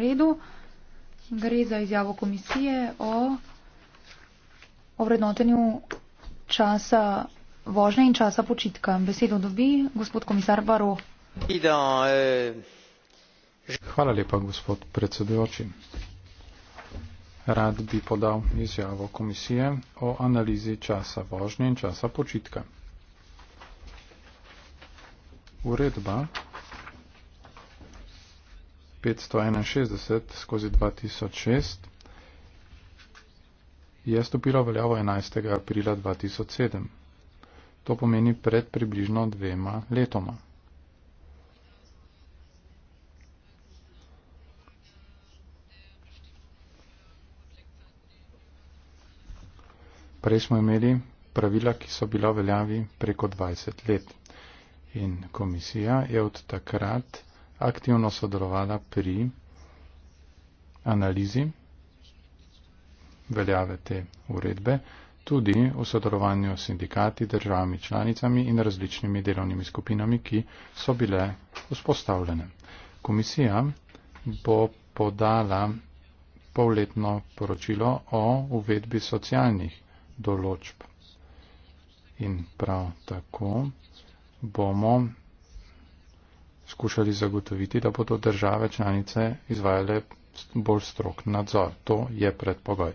redu. Gre za izjavo komisije o ovrednotenju časa vožnje in časa počitka. Besedo dobi gospod komisar Baro. Hvala lepa, gospod predsedujoči. Rad bi podal izjavo komisije o analizi časa vožnje in časa počitka. Uredba 561 skozi 2006 je stopila veljavo 11. aprila 2007. To pomeni pred približno dvema letoma. Prej smo imeli pravila, ki so bila veljavi preko 20 let. In komisija je od takrat aktivno sodelovala pri analizi veljave te uredbe, tudi v sodelovanju s sindikati, državami, članicami in različnimi delovnimi skupinami, ki so bile vzpostavljene. Komisija bo podala polletno poročilo o uvedbi socialnih določb. In prav tako bomo poskušali zagotoviti, da bodo države članice izvajale bolj strok nadzor. To je predpogoj.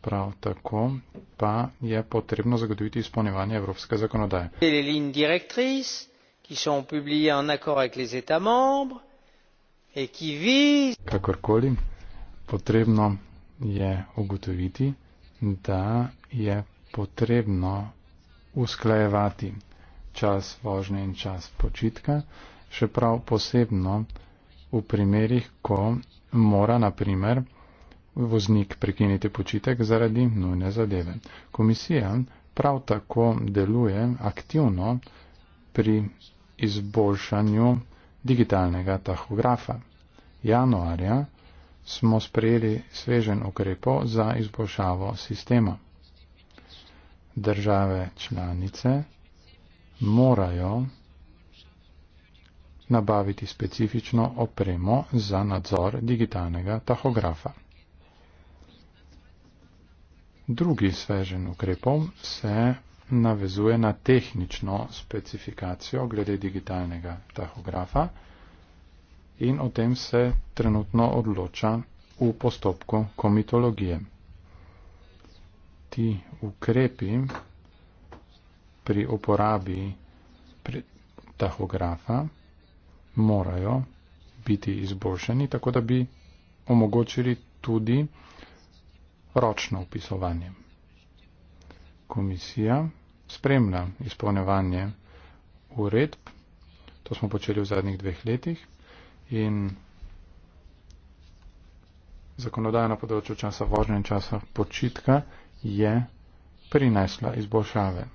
Prav tako pa je potrebno zagotoviti izpolnjevanje evropske zakonodaje. Kakorkoli, potrebno je ugotoviti, da je potrebno usklajevati čas vožnje in čas počitka še prav posebno v primerih, ko mora na primer voznik prekiniti počitek zaradi nujne zadeve. Komisija prav tako deluje aktivno pri izboljšanju digitalnega tahografa. Januarja smo sprejeli svežen ukrepo za izboljšavo sistema. Države članice morajo nabaviti specifično opremo za nadzor digitalnega tahografa. Drugi svežen ukrepov se navezuje na tehnično specifikacijo glede digitalnega tahografa in o tem se trenutno odloča v postopku komitologije. Ti ukrepi pri uporabi pri tahografa morajo biti izboljšani, tako da bi omogočili tudi ročno upisovanje. Komisija spremlja izpolnevanje uredb, to smo počeli v zadnjih dveh letih in zakonodaja na področju časa vožnje in časa počitka je prinesla izboljšave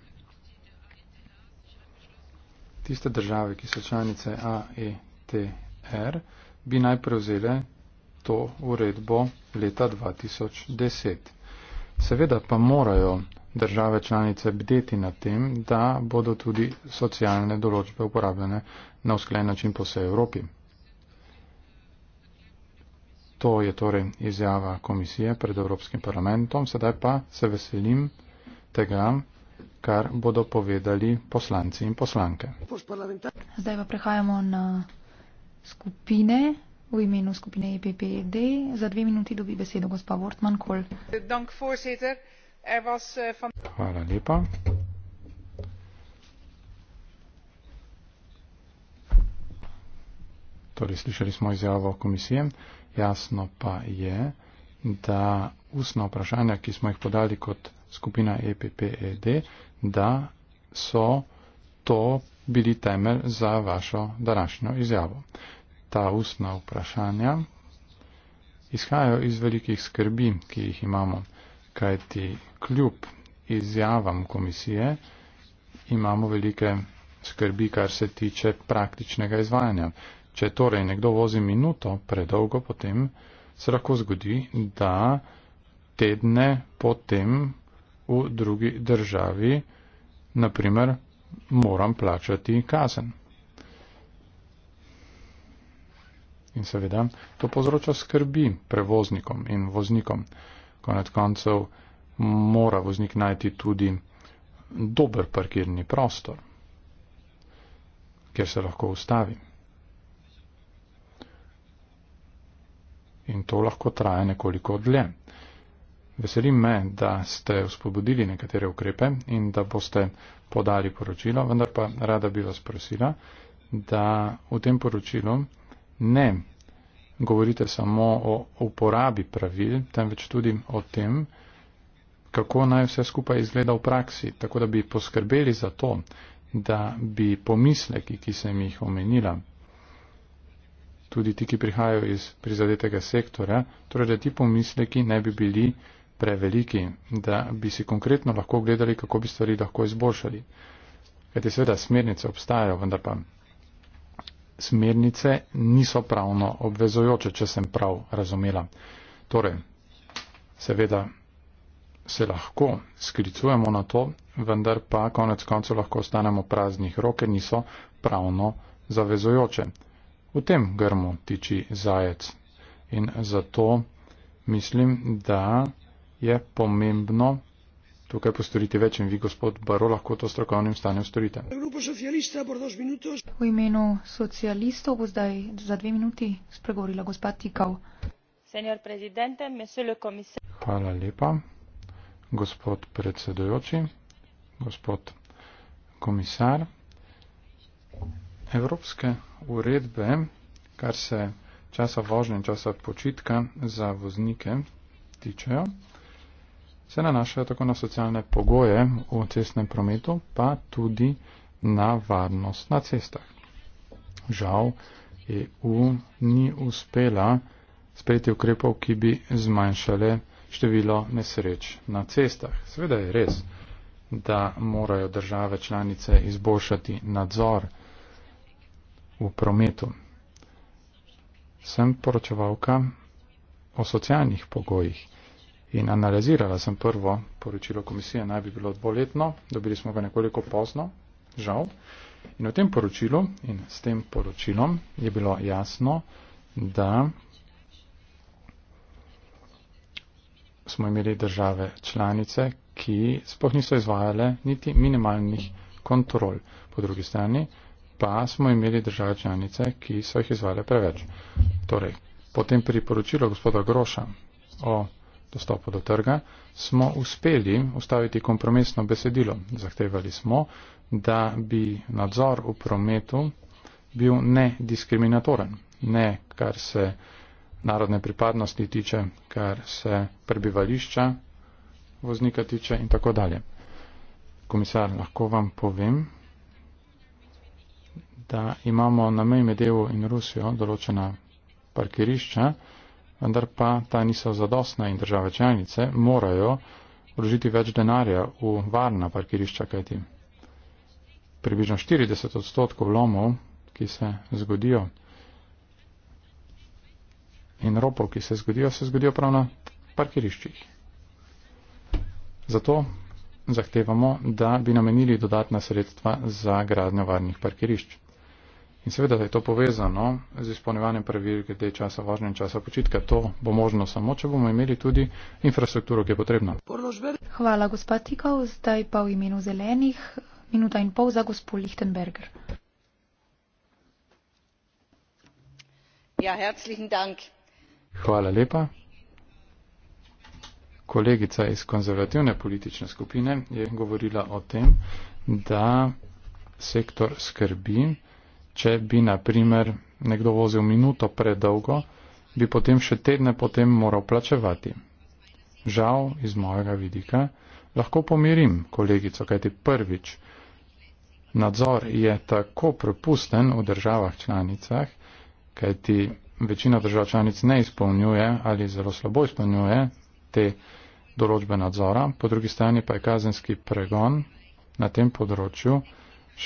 tiste države, ki so članice AETR, bi naj prevzele to uredbo leta 2010. Seveda pa morajo države članice bdeti nad tem, da bodo tudi socialne določbe uporabljene na usklen način po vsej Evropi. To je torej izjava komisije pred Evropskim parlamentom, sedaj pa se veselim tega, kar bodo povedali poslanci in poslanke. Zdaj pa prehajamo na skupine. V imenu skupine EPPD e za dve minuti dobi besedo gospa Wortman Kol. Er eh, Hvala lepa. Torej, slišali smo izjavo komisije. Jasno pa je, da ustna vprašanja, ki smo jih podali kot skupina EPPED, da so to bili temelj za vašo današnjo izjavo. Ta ustna vprašanja izhajajo iz velikih skrbi, ki jih imamo, kajti kljub izjavam komisije imamo velike skrbi, kar se tiče praktičnega izvajanja. Če torej nekdo vozi minuto predolgo, potem se lahko zgodi, da tedne potem v drugi državi, naprimer, moram plačati kazen. In seveda to povzroča skrbi prevoznikom in voznikom. Konec koncev mora voznik najti tudi dober parkirni prostor, kjer se lahko ustavi. In to lahko traja nekoliko dlje. Veselim me, da ste vzpobudili nekatere ukrepe in da boste podali poročilo, vendar pa rada bi vas prosila, da v tem poročilu ne govorite samo o uporabi pravil, temveč tudi o tem, kako naj vse skupaj izgleda v praksi, tako da bi poskrbeli za to, da bi pomisleki, ki sem jih omenila, tudi ti, ki prihajajo iz prizadetega sektora, torej da ti pomisleki ne bi bili preveliki, da bi si konkretno lahko gledali, kako bi stvari lahko izboljšali. Kajti seveda smernice obstajajo, vendar pa smernice niso pravno obvezojoče, če sem prav razumela. Torej, seveda se lahko sklicujemo na to, vendar pa konec koncev lahko ostanemo praznih roke, niso pravno zavezojoče. V tem grmu tiči zajec in zato mislim, da je pomembno tukaj postoriti več in vi, gospod Baro, lahko to strokovnim stanjem storite. V imenu socialistov bo zdaj za dve minuti spregovorila gospa Tikal. Hvala lepa. Gospod predsedujoči, gospod komisar, evropske uredbe, kar se časa vožnje in časa počitka za voznike tičejo, se nanašajo tako na socialne pogoje v cestnem prometu, pa tudi na varnost na cestah. Žal EU ni uspela sprejeti ukrepov, ki bi zmanjšale število nesreč na cestah. Sveda je res, da morajo države članice izboljšati nadzor v prometu. Sem poročevalka o socialnih pogojih in analizirala sem prvo poročilo komisije, naj bi bilo dvoletno, dobili smo ga nekoliko pozno, žal. In v tem poročilu in s tem poročilom je bilo jasno, da smo imeli države članice, ki sploh niso izvajale niti minimalnih kontrol. Po drugi strani pa smo imeli države članice, ki so jih izvajale preveč. Torej, potem priporočilo gospoda Groša o dostopu do trga, smo uspeli ustaviti kompromisno besedilo. Zahtevali smo, da bi nadzor v prometu bil nediskriminatoren, ne kar se narodne pripadnosti tiče, kar se prebivališča voznika tiče in tako dalje. Komisar, lahko vam povem, da imamo na meji med EU in Rusijo določena parkirišča, vendar pa ta niso zadostna in države članice morajo vložiti več denarja v varna parkirišča, kajti približno 40 odstotkov lomov, ki se zgodijo in ropov, ki se zgodijo, se zgodijo prav na parkiriščih. Zato zahtevamo, da bi namenili dodatna sredstva za gradnjo varnih parkirišč. In seveda je to povezano z izpolnjevanjem pravil glede časa vožnje in časa počitka. To bo možno samo, če bomo imeli tudi infrastrukturo, ki je potrebna. Hvala, gospod Tikov. Zdaj pa v imenu zelenih minuta in pol za gospod Lichtenberger. Ja, herzlichen dank. Hvala lepa. Kolegica iz konzervativne politične skupine je govorila o tem, da sektor skrbi. Če bi, na primer, nekdo vozil minuto predolgo, bi potem še tedne potem moral plačevati. Žal, iz mojega vidika, lahko pomirim kolegico, kajti prvič, nadzor je tako propusten v državah članicah, kajti večina držav članic ne izpolnjuje ali zelo slabo izpolnjuje te določbe nadzora, po drugi strani pa je kazenski pregon na tem področju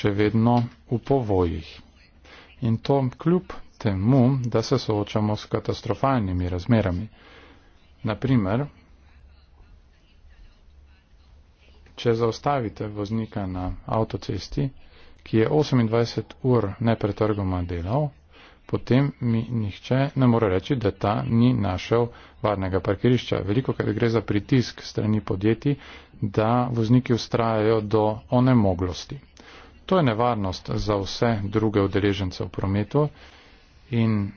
še vedno v povojih in to kljub temu, da se soočamo s katastrofalnimi razmerami. Naprimer, če zaustavite voznika na avtocesti, ki je 28 ur nepretrgoma delal, potem mi nihče ne more reči, da ta ni našel varnega parkirišča. Veliko krat gre za pritisk strani podjetij, da vozniki ustrajajo do onemoglosti. To je nevarnost za vse druge udeležence v prometu in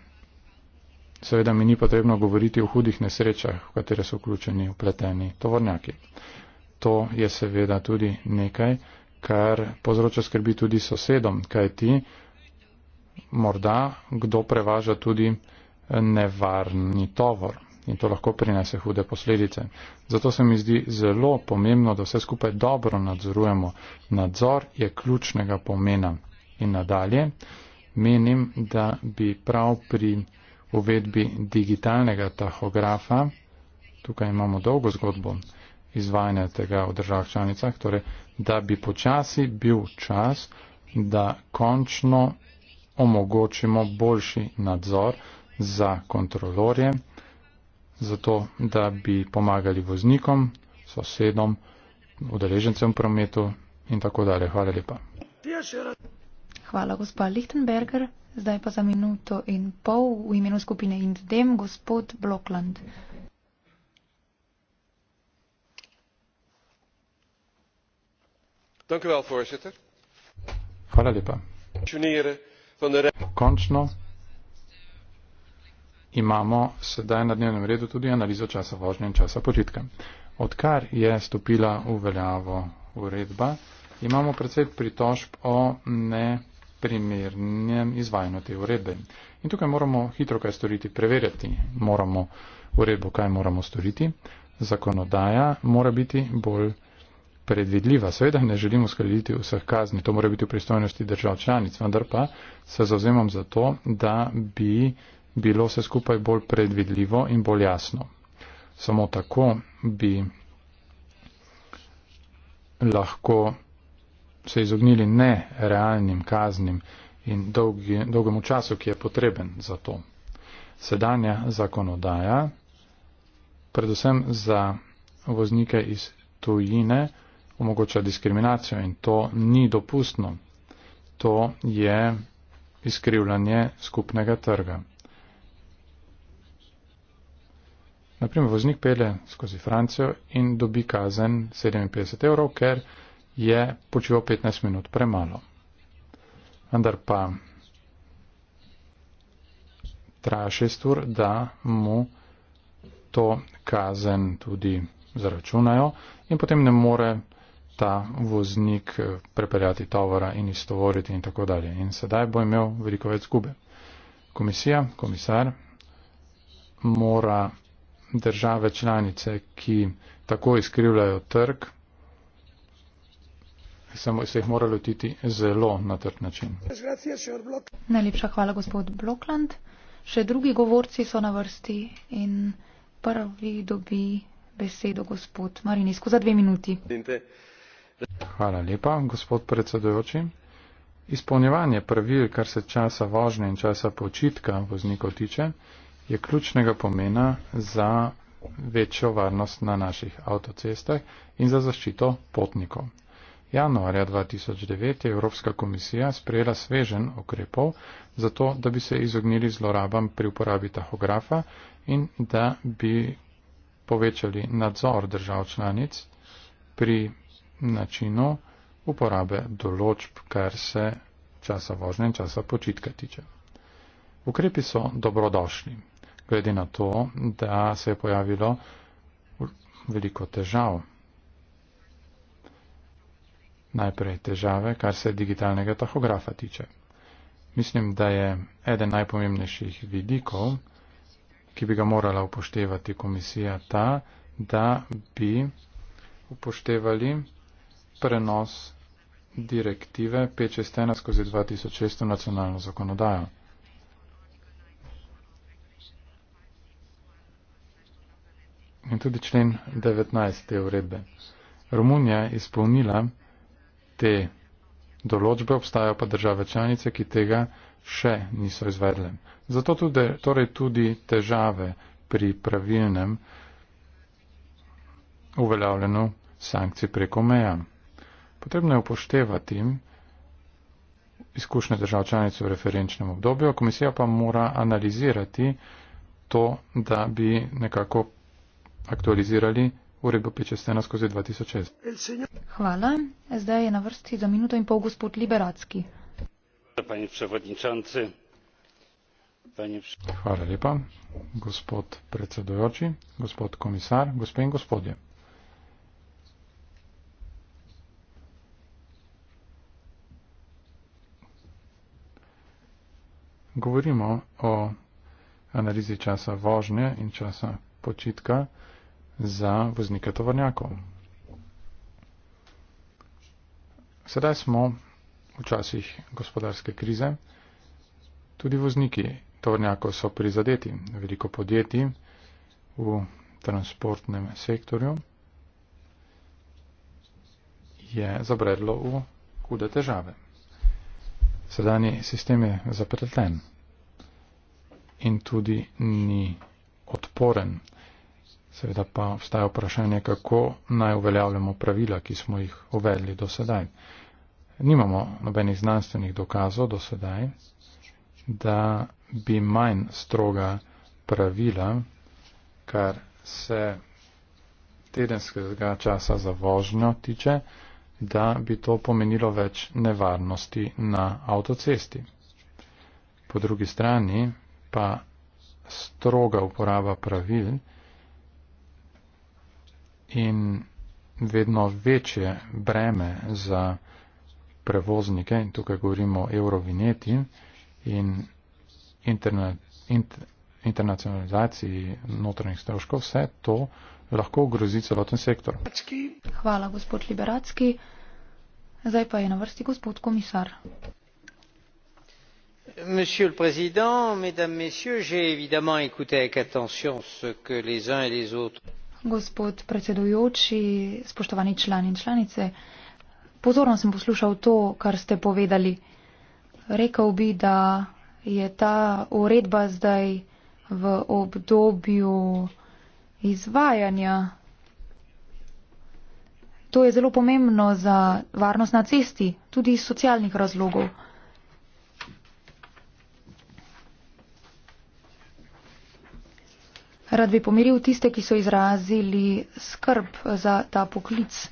seveda mi ni potrebno govoriti o hudih nesrečah, v katere so vključeni upleteni tovornjaki. To je seveda tudi nekaj, kar povzroča skrbi tudi sosedom, kaj ti morda kdo prevaža tudi nevarni tovor in to lahko prinese hude posledice. Zato se mi zdi zelo pomembno, da vse skupaj dobro nadzorujemo. Nadzor je ključnega pomena. In nadalje menim, da bi prav pri uvedbi digitalnega tahografa, tukaj imamo dolgo zgodbo izvajanja tega v državah članicah, torej, da bi počasi bil čas, da končno omogočimo boljši nadzor za kontrolorje zato, da bi pomagali voznikom, sosedom, udeležencem v prometu in tako dalje. Hvala lepa. Hvala, gospa Lichtenberger. Zdaj pa za minuto in pol v imenu skupine Indem, gospod Blokland. Dank u wel, voorzitter. Hvala lepa. Končno imamo sedaj na dnevnem redu tudi analizo časa vožnje in časa počitka. Odkar je stopila v veljavo uredba, imamo predvsej pritožb o neprimernem izvajanju te uredbe. In tukaj moramo hitro kaj storiti, preverjati moramo uredbo, kaj moramo storiti. Zakonodaja mora biti bolj predvidljiva. Seveda ne želimo skrediti vseh kazni, to mora biti v pristojnosti držav članic, vendar pa se zauzemam za to, da bi bilo vse skupaj bolj predvidljivo in bolj jasno. Samo tako bi lahko se izognili ne realnim kaznim in dolgi, dolgemu času, ki je potreben za to. Sedanja zakonodaja, predvsem za voznike iz tujine, omogoča diskriminacijo in to ni dopustno. To je izkrivljanje skupnega trga. Naprimer, voznik pele skozi Francijo in dobi kazen 57 evrov, ker je počival 15 minut premalo. Vendar pa traja 6 ur, da mu to kazen tudi zaračunajo in potem ne more ta voznik eh, prepeljati tovora in istovoriti in tako dalje. In sedaj bo imel veliko več zgube. Komisija, komisar mora države članice, ki tako izkrivljajo trg, samo se jih mora lotiti zelo na trg način. Najlepša hvala, gospod Blokland. Še drugi govorci so na vrsti in prvi dobi besedo gospod Marinisko za dve minuti. Hvala lepa, gospod predsedujoči. Izpolnjevanje pravil, kar se časa vožnje in časa počitka voznikov tiče, je ključnega pomena za večjo varnost na naših avtocestah in za zaščito potnikov. Januarja 2009 je Evropska komisija sprejela svežen okrepov za to, da bi se izognili zlorabam pri uporabi tahografa in da bi povečali nadzor držav članic pri načinu uporabe določb, kar se časa vožnje in časa počitka tiče. Ukrepi so dobrodošli glede na to, da se je pojavilo veliko težav. Najprej težave, kar se digitalnega tahografa tiče. Mislim, da je eden najpomembnejših vidikov, ki bi ga morala upoštevati komisija, ta, da bi upoštevali prenos direktive 561 skozi 2600 nacionalno zakonodajo. in tudi člen 19 te uredbe. Romunija je izpolnila te določbe, obstajajo pa države članice, ki tega še niso izvedle. Zato tudi, torej tudi težave pri pravilnem uveljavljanju sankcij preko meja. Potrebno je upoštevati izkušnje držav članic v referenčnem obdobju, komisija pa mora analizirati to, da bi nekako aktualizirali uredbo 516 skozi 2006. Hvala. Zdaj je na vrsti za minuto in pol gospod Liberacki. Panie przewodniczący. Panie... Hvala lepa, gospod predsedujoči, gospod komisar, gospe in gospodje. Govorimo o analizi časa vožnje in časa počitka za voznika tovornjakov. Sedaj smo v časih gospodarske krize. Tudi vozniki tovornjakov so prizadeti. Veliko podjetij v transportnem sektorju je zabredlo v hude težave. Sedajni sistem je zapreten in tudi ni odporen. Seveda pa obstaja vprašanje, kako naj uveljavljamo pravila, ki smo jih uvedli do sedaj. Nimamo nobenih znanstvenih dokazov do sedaj, da bi manj stroga pravila, kar se tedenskega časa za vožnjo tiče, da bi to pomenilo več nevarnosti na avtocesti. Po drugi strani pa stroga uporaba pravil, in vedno večje breme za prevoznike, in tukaj govorimo o eurovineti in interna, inter, internacionalizaciji notranjih stroškov, vse to lahko ogrozi celoten sektor. Hvala, gospod Liberacki. Zdaj pa je na vrsti gospod komisar. Monsieur le Président, Mesdames, Messieurs, j'ai évidemment écouté avec attention ce que les uns et les autres gospod predsedujoči, spoštovani člani in članice. Pozorno sem poslušal to, kar ste povedali. Rekel bi, da je ta uredba zdaj v obdobju izvajanja. To je zelo pomembno za varnost na cesti, tudi iz socialnih razlogov. Rad bi pomiril tiste, ki so izrazili skrb za ta poklic.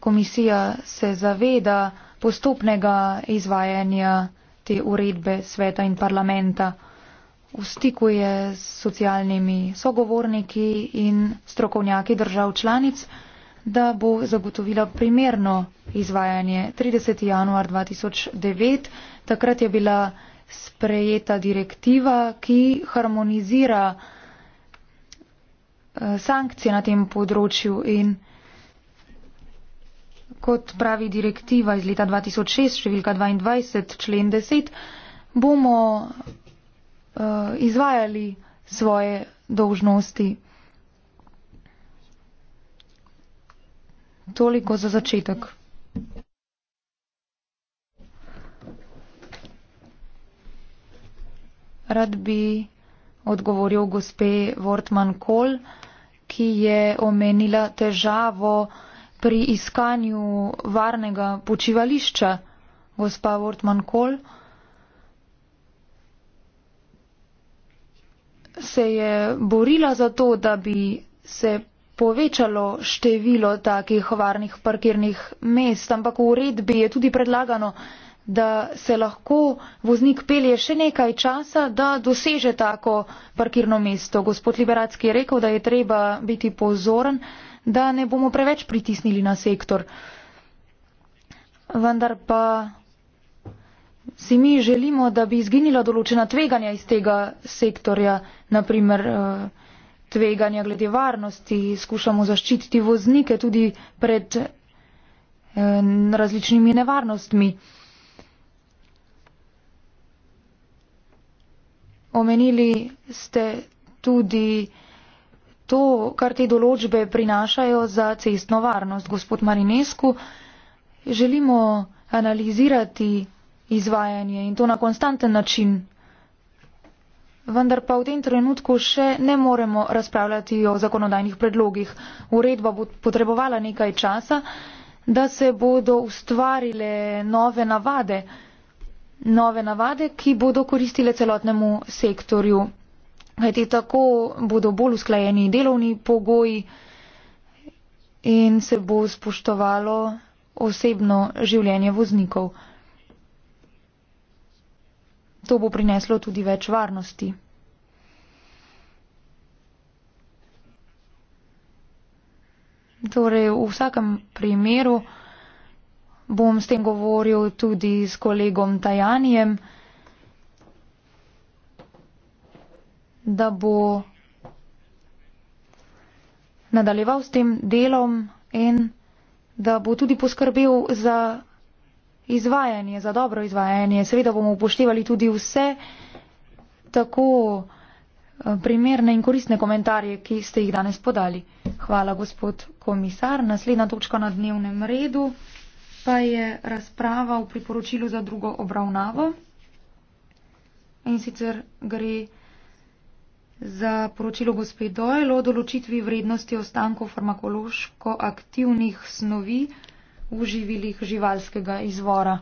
Komisija se zaveda postopnega izvajanja te uredbe sveta in parlamenta. V stiku je s socialnimi sogovorniki in strokovnjaki držav članic, da bo zagotovila primerno izvajanje. 30. januar 2009, takrat je bila sprejeta direktiva, ki harmonizira eh, sankcije na tem področju in kot pravi direktiva iz leta 2006, številka 22, člen 10, bomo eh, izvajali svoje dolžnosti. Toliko za začetek. rad bi odgovoril gospe Wortmann-Kohl, ki je omenila težavo pri iskanju varnega počivališča. Gospa Wortmann-Kohl, se je borila za to, da bi se povečalo število takih varnih parkirnih mest, ampak v uredbi je tudi predlagano, da se lahko voznik pelje še nekaj časa, da doseže tako parkirno mesto. Gospod Liberacki je rekel, da je treba biti pozoren, da ne bomo preveč pritisnili na sektor. Vendar pa si mi želimo, da bi izginila določena tveganja iz tega sektorja, naprimer eh, tveganja glede varnosti, skušamo zaščititi voznike tudi pred eh, različnimi nevarnostmi. Omenili ste tudi to, kar te določbe prinašajo za cestno varnost. Gospod Marinesku, želimo analizirati izvajanje in to na konstanten način. Vendar pa v tem trenutku še ne moremo razpravljati o zakonodajnih predlogih. Uredba bo potrebovala nekaj časa, da se bodo ustvarile nove navade nove navade, ki bodo koristile celotnemu sektorju. Kajti tako bodo bolj usklajeni delovni pogoji in se bo spoštovalo osebno življenje voznikov. To bo prineslo tudi več varnosti. Torej, v vsakem primeru bom s tem govoril tudi s kolegom Tajanjem, da bo nadaljeval s tem delom in da bo tudi poskrbel za izvajanje, za dobro izvajanje. Seveda bomo upoštevali tudi vse tako eh, primerne in koristne komentarje, ki ste jih danes podali. Hvala, gospod komisar. Naslednja točka na dnevnem redu pa je razprava v priporočilu za drugo obravnavo. In sicer gre za poročilo gospe Dojlo o določitvi vrednosti ostankov farmakološko aktivnih snovi v živilih živalskega izvora.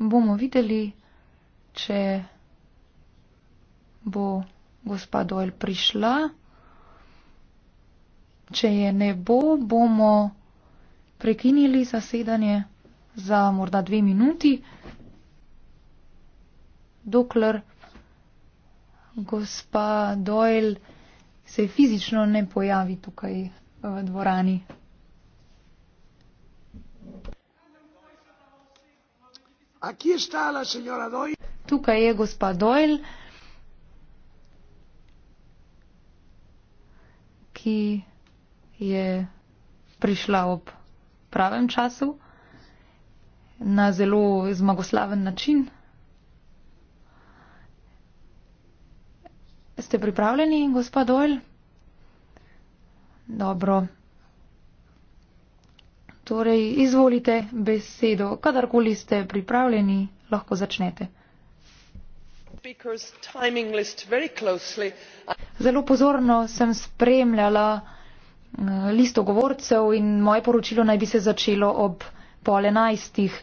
Bomo videli, če bo gospa Dojl prišla. Če je ne bo, bomo prekinili zasedanje za morda dve minuti, dokler gospa Doyle se fizično ne pojavi tukaj eh, v dvorani. Tukaj je gospa Doyle, ki je prišla ob pravem času, na zelo zmagoslaven način. Ste pripravljeni, gospod Doyle? Dobro. Torej, izvolite besedo. Kadarkoli ste pripravljeni, lahko začnete. Zelo pozorno sem spremljala Eh, listogovorcev in moje poročilo naj bi se začelo ob pol enajstih.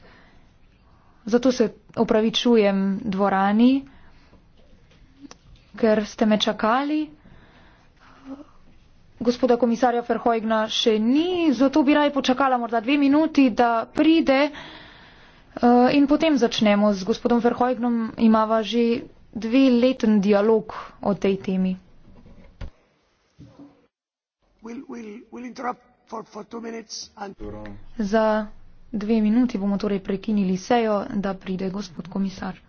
Zato se opravičujem dvorani, ker ste me čakali. Gospoda komisarja Ferhojgna še ni, zato bi raj počakala morda dve minuti, da pride eh, in potem začnemo z gospodom Ferhojgnom. Imava že dve leten dialog o tej temi. Za dve minuti bomo torej prekinili sejo, da pride gospod komisar.